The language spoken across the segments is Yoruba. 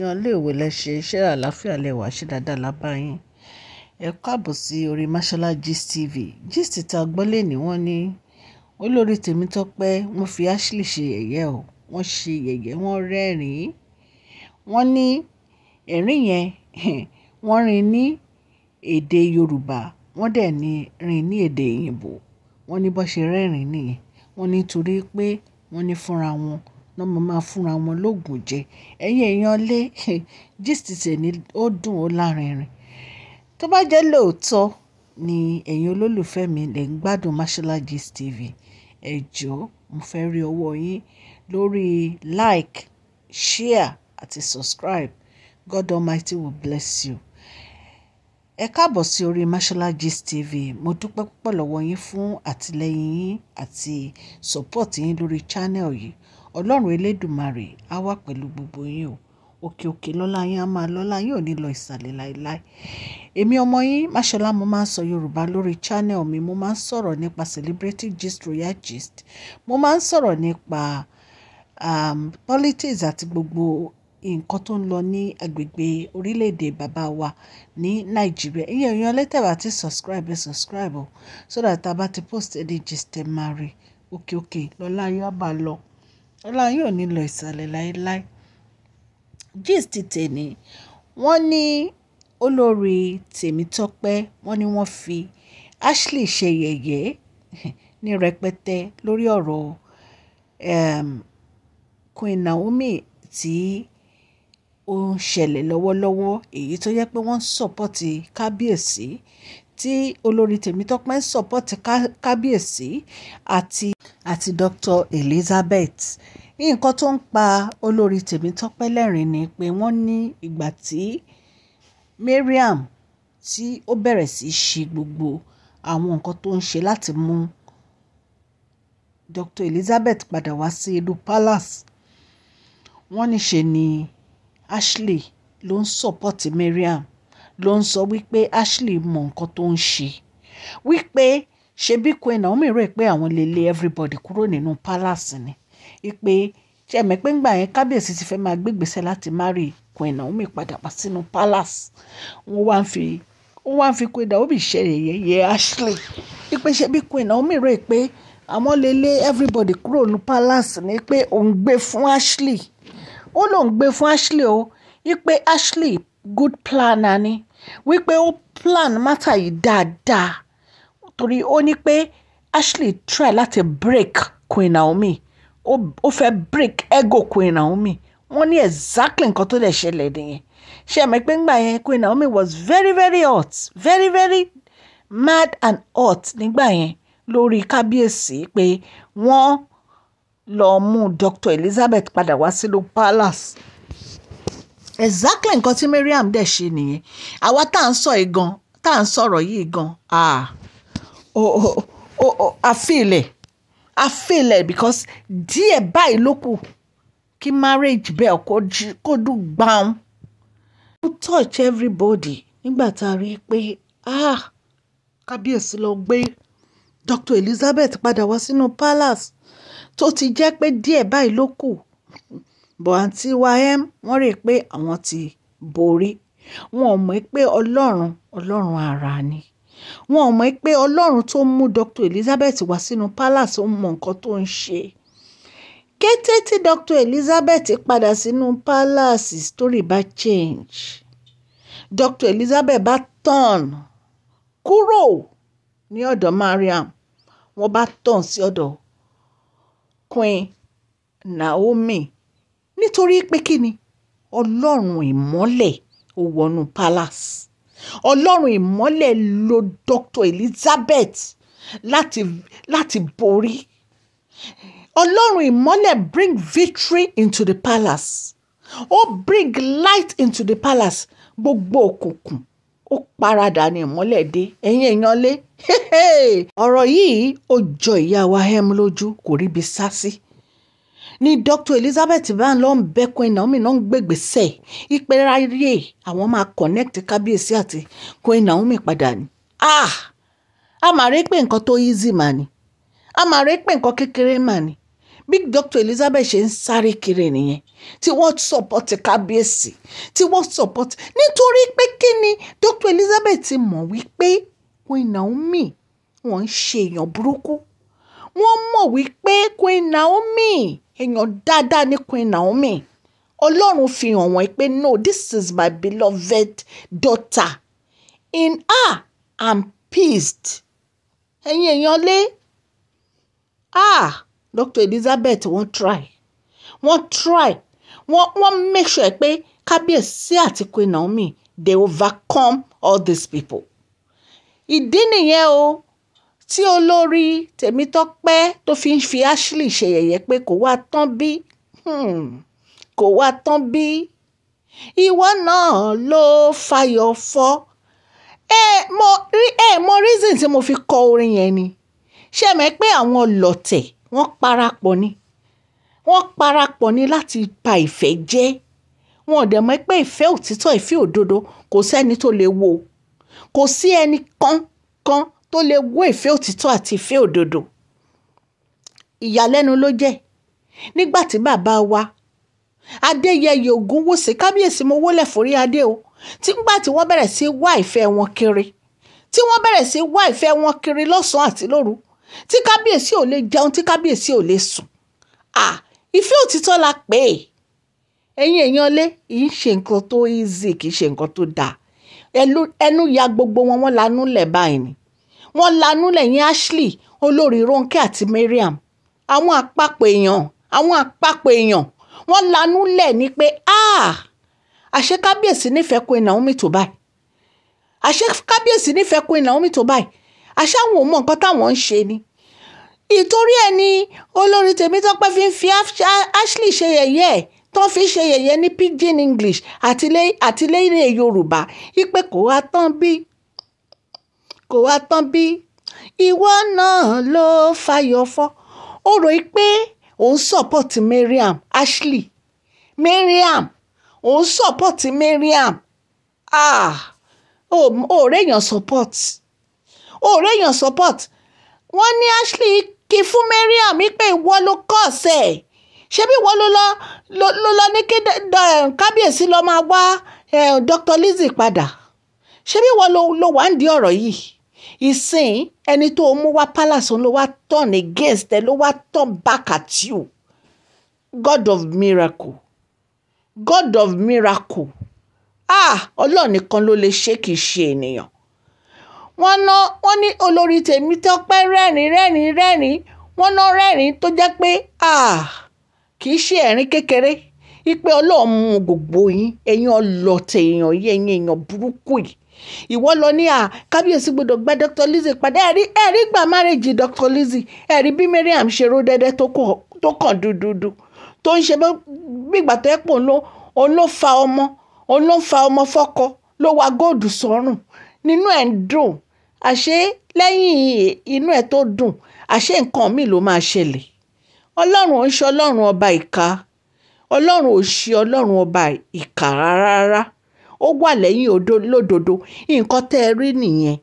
yan ilé ìwé lẹ́ṣẹ̀ iṣẹ́ àlàáfíà lẹ́wà ṣe dáadáa lábá yín ẹ káàbọ̀ sí orí mashola gist tv gist ta gbọ́ lẹ́ni wọ́n ní olórí Tèmítọ́pẹ́ wọ́n fi ashley ṣe yẹ̀yẹ́ o wọ́n ṣe yẹ̀yẹ́ wọ́n rẹ́rìn-ín wọ́n ní ẹ̀rín yẹn wọ́n rin ní èdè yorùbá wọ́n dẹ̀ ní rin ní èdè òyìnbó wọ́n ní bó ṣe rẹ́rìn-ín nìyẹn wọ́n ní torí pé wọ́n ní fúnra wọn náà máa máa fúnra wọn lóògùn jẹ. Ẹ̀yin èèyàn lé, gist tèmi ó dùn ó lárinrin. Tó bá jẹ́ lóòótọ́ ni ẹ̀yin olólùfẹ́ mi lè ń gbádùn Mashola Gist TV, ẹ jọ̀ọ́ mo fẹ́ rí ọwọ́ yín lórí like, share àti subscribe. God Almighty will bless you. Ẹ káàbọ̀ sí orí Mashola Gist TV. Mo dúpẹ́ púpọ̀ lọ́wọ́ yín fún àtìlẹ́yìn yín àti support yín lórí channel yìí ọlọ́run elédùmarè á wà pẹ̀lú gbogbo yín o òkè òkè lọ́lá yín á máa lọ́lá yín ò ní lọ ìsàlẹ̀ láéláé èmi ọmọ yín máṣọlá mo máa ń sọ yorùbá lórí channel mi mo máa ń sọ̀rọ̀ nípa celebrity gist royal gist mo máa ń sọ̀rọ̀ nípa um, politics àti gbogbo nǹkan tó ń lọ ní agbègbè orílẹ̀-èdè bàbá wa ní nàìjíríà ìyẹn èèyàn lẹ́tẹ̀wá ti subscribe ẹ subscribe o so that tá a bá ti post any gist ẹ máa rí òkè òkè lọ́lá yín á máa lọ ọlọ́run yóò ní lọ ìsàlẹ̀ láéláé gist tèmi wọ́n ní olórí Tèmítọ́pẹ́ wọ́n ní wọ́n fi Ashley ṣe yẹ̀yẹ́ ní rẹpẹtẹ lórí ọ̀rọ̀ um, Queen Naomi tí ó ń ṣẹlẹ̀ lọ́wọ́lọ́wọ́ èyí tó yẹ pé wọ́n ń sọ̀pọ̀tì kábíyèsí tí olórí Tèmítọ́pẹ́ ń sọ̀pọ̀tì kábíyèsí àti àti Dr. Elizabeth nǹkan tó ń pa olórí Tèmítọ́pẹ́ lẹ́rìn ni pé wọ́n ní ìgbà tí Mariam tí ó bẹ̀rẹ̀ sí í ṣe gbogbo àwọn nǹkan tó ń ṣe láti mú Dr. Elizabeth padà wá sí inú palace wọ́n ní ṣe ni Ashley ló ń sọ́pọ̀tì Mariam ló ń sọ wípé Ashley mọ nǹkan tó ń ṣe wípé ṣebí Queen Naomi rò pé àwọn lè lé everybody kúrò nínú palace ni ipe ṣẹ̀mẹ́ pé ńgbà yẹn kábíyèsí ti fẹ́ máa gbégbèsè láti marry Queen Naomi padà wá sínú palace wọ́n wá ń fi wọ́n wá ń fi Queen Naomi ṣe yẹ̀yẹ́ Ashley ipe ṣebí Queen Naomi rò pé àwọn lè lé everybody kúrò nínú palace ni pé òun gbé fún Ashley ó lóun gbé fún Ashley o ipe Ashley good planner ni wípé ó plan mátà yìí dáadáa torí ó ní pé Ashley try láti break Queen Naomi ó fẹ́ break ego Queen Naomi wọ́n ní exactly nǹkan tó lè ṣẹlẹ̀ nìyẹn ṣe àmọ́ pé ńgbà yẹn Queen Naomi was very very hot very very mad and hot nígbà yẹn lórí kábíyèsí pé wọ́n lọ mú Dr. Elizabeth padà wá sínú palace exactly nǹkan tí Mariam dẹ̀ ṣe nìyẹn àwa tá à ń sọ yìí gan tá à ń sọ̀rọ̀ yìí gan ah oh, oh, oh, oh! àfilẹ̀ àfilẹ̀ because díẹ̀ báyìí ló kù kí marriage bell kó jí kó dùn gbàùn. ó touch everybody nígbà tá a rí i pé ah kábíyèsí ló gbé Dr Elizabeth padà wá sínú palace tó ti jẹ́ pé díẹ̀ báyìí ló kù bọ̀ àǹtí wa m wọ́n rí i pé àwọn ti borí wọn ò mọ̀ pé ọlọ́run ọlọ́run ara ni wọn ò mọ̀ pé ọlọ́run tó mú Dr. Elizabeth wá sínú palace ó mọ nǹkan tó ń ṣe kété tí Dr. Elizabeth padà sínú palace story bá change Dr. Elizabeth bá tàn kúrò ní ọ̀dọ̀ Mariam wọ́n bá tàn sí ọ̀dọ̀ Queen Naomi nítorí pé kí ni ọlọ́run ìmọ́lẹ̀ ó wọnú palace ọlọ́run ìmọ́lẹ̀ lo Dr. Elizabeth láti láti borí ọlọ́run ìmọ́lẹ̀ bring victory into the palace ó bring light into the palace gbogbo òkùnkùn ó paradà ní ìmọ́lẹ̀ dé ẹ̀yin èèyàn lé ọ̀rọ̀ yìí ó jọ ìyá wa hẹ́m lójú kò ríbi sá sí. Ni Dr Elizabeth bá ń lọ ń bẹ́kún Naomi náà ń gbègbèsè ìpẹ́ráyè àwọn máa connect kábíyèsí àti Queen Naomi padà ni. ah a máa rí pé nǹkan tó easy mà ni a máa rí pé nǹkan kékeré mà ni bí Dr Elizabeth ṣe ń sáré kiri nìyẹn tí wọ́n support kábíyèsí tí wọ́n support nítorí pé kí ni Dr Elizabeth ti mọ̀ wípé Queen Naomi wọ́n ń ṣe èèyàn burúkú wọ́n mọ̀ wípé Queen Naomi èèyàn dáadáa ní Queen Naomi ọlọ́run fi hàn wọ́n pé no this is my beloved daughter in her i'm pleased ẹ̀yin èèyàn lé ah Dr. Elizabeth wọ́n try wọ́n try wọ́n wọ́n make sure pé kábíyèsí àti Queen Naomi they overcome all these people ìdí nìyẹn o tí olórí tèmítọ́pẹ́ tó fi ń fi ashley ṣe yẹ̀yẹ́ pé kò wá tán bí hmm, kò wá tán bí ìwọ náà ló fayọ̀ fọ́ ẹ mọ ẹ mọ reason tí mo fi kọ orin yẹn ni ṣe mọ̀ pé àwọn lọ̀tẹ̀ wọ́n parapọ̀ ni wọ́n parapọ̀ ni láti pa ìfẹ́ jẹ́ wọn ò dẹ̀ mọ̀ pé ìfẹ́ òtítọ́ ìfẹ́ òdodo kò sẹ́ni tó lè wo kò sí ẹni kan kan tó lè wó ìfẹ́ òtítọ́ àti ìfẹ́ òdodo ìyàlẹ́nu ló jẹ́ nígbà tí bàbá wa adéyẹyẹ ògúnwùsì kábíyèsí mo wólẹ̀ forí adé o tí ngbà tí wọ́n bẹ̀rẹ̀ sí wá ìfẹ́ wọn kiri tí wọ́n bẹ̀rẹ̀ sí wá ìfẹ́ wọn kiri lọ́sàn-án àti lóru tí kábíyèsí ò lè jẹun tí kábíyèsí ò lè sùn à ìfẹ́ òtítọ́ la pè é ẹ̀yin èèyàn lé ìyí ṣe nǹkan tó easy kì í ṣe nǹkan tó dáa ẹnu ya gbogbo wọn wọn lanú lẹ̀ báyìí ni wọ́n lanú lẹ́yìn ashley olórí ronke àti mariam àwọn àpapọ̀ èèyàn àwọn àpapọ̀ èèyàn wọ́n lanú lẹ̀ ní pé ah, àṣé kábíyèsí nífẹ̀ẹ́ queen naomi tó báyìí àṣé kábíyèsí nífẹ̀ẹ́ queen naomi tó báyìí àṣé àwọn ò mọ nǹkan táwọn ń ṣe ni ìtorí ẹ̀ ni olórí tèmítọ́pẹ́ fi ń fi ashley ṣe yẹ̀yẹ́ ẹ̀ tó fi ṣe yẹ̀yẹ́ ní pidgin english àti lédè yorùbá ìpè kò wá tán bí kò wá tán bí ìwọ náà ló fàyọ̀ fọ́ ó rò í pé òun sọ́pọ̀tì Mariam Ashley Mariam òun support Mariam ah ò réèyàn support ò réèyàn support wọ́n ní Ashley kí fún Mariam pé ìwọ ló kọ́ ọ̀sẹ̀ ṣebí wọ́n ló lọ ló lọ ní kí eh, kábíyèsí lọ́ọ́ máa wá eh, Dr. Lizzie padà ṣebí wọ́n ló ló wà ń di ọ̀rọ̀ yìí ìsìn ẹni tó mú wá palace ló wá turn against ẹ ló wá turn back at you god of miracle god of miracle ah ọlọ́run nìkan ló lè ṣe kì í ṣe ènìyàn wọ́n ná wọ́n ní olórí tèmi tọ́pẹ́ rẹ́rìn rẹ́rìn rẹ́rìn wọ́n ná rẹ́rìn tó jẹ́ pé ah kì í ṣe ẹ̀rín kékeré ipe ọlọ́run mú gbogbo yín ẹ̀yin ọlọ́tẹ̀ èèyàn yẹn ẹ̀yin èèyàn burúkú yìí ìwọ lọ ní à kábíyèsí gbọ́dọ̀ gba Dr. Lizzy padà ẹ̀rí ẹ̀rí gba márèjì Dr. Lizzy ẹ̀rí bí Mariam ṣe ró dẹ́dẹ́ tó kàn dúdúdú tó ń ṣe bígbà tó ẹ̀ pọ̀ òun ló fa ọmọ òun ló fa ọmọ fọ́kọ ló wa góòdù sọ́rùn nínú ẹ̀ ń dùn àṣé lẹ́yìn inú ẹ̀ tó dùn àṣé nǹkan míì ló máa ṣẹlẹ̀ ọlọ́run ò ń ṣe ọlọ́run ọba ìka ọlọ́run ò ṣe ọlọ́run ọba ìka rárá rárá ó wà lẹ́yìn lódodo nǹkan tẹ́ ẹ rí nìyẹn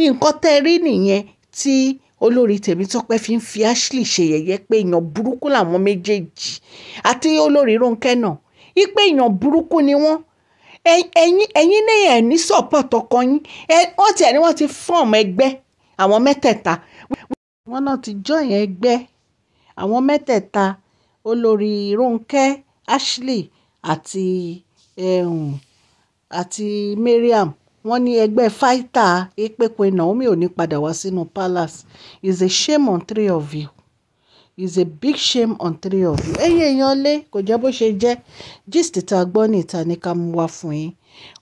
nǹkan tẹ́ ẹ rí nìyẹn tí olórí Tèmítọ́pẹ́ fi ń fi Ashley ṣe yẹ̀yẹ́ pé èèyàn burúkú làwọn méjèèjì àti olórí Rónkẹ́ náà ipe èèyàn burúkú ni wọ́n ẹ̀yin ẹ̀yin ní ẹ̀ ní support ọkọ yín wọ́n ti ẹ̀ ní wọ́n ti fọ́ọ̀mù ẹgbẹ́ àwọn mẹ́tẹ̀ẹ̀ta wọ́n náà ti join ẹgbẹ́ àwọn mẹ́tẹ̀ẹ̀ta olórí Rónkẹ́ Ashley àti ehm, àti Mariam wọ́n ní ẹgbẹ́ fáítà èpèpè Naomi ò ní padà wá sínú palace is a shame on three of you is a big shame on three of you. ẹ̀yin èèyàn lé kò jẹ́ bó ṣe jẹ́ gist tá a gbọ́ ní ìta ní ká mú wá fún yín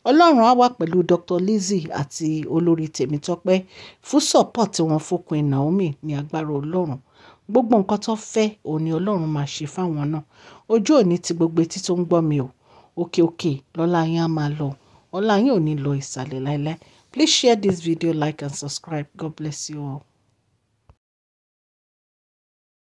ọlọ́run á wà pẹ̀lú Dr. Lizzie àti olórí Tèmítọ́pẹ́ fún support wọn fún Queen Naomi ní agbára ọlọ́run gbogbo nǹkan tó fẹ́ òun ni ọlọ́run máa ṣe fáwọn náà ojú òní ti gbogbo etí tó ń gbọ́ mi o Okay, okay. lọ́lá yín á máa lọ ọlá yín ò ní lọ ìsàlẹ̀ láéláé please share this video like and subscribe god bless you all.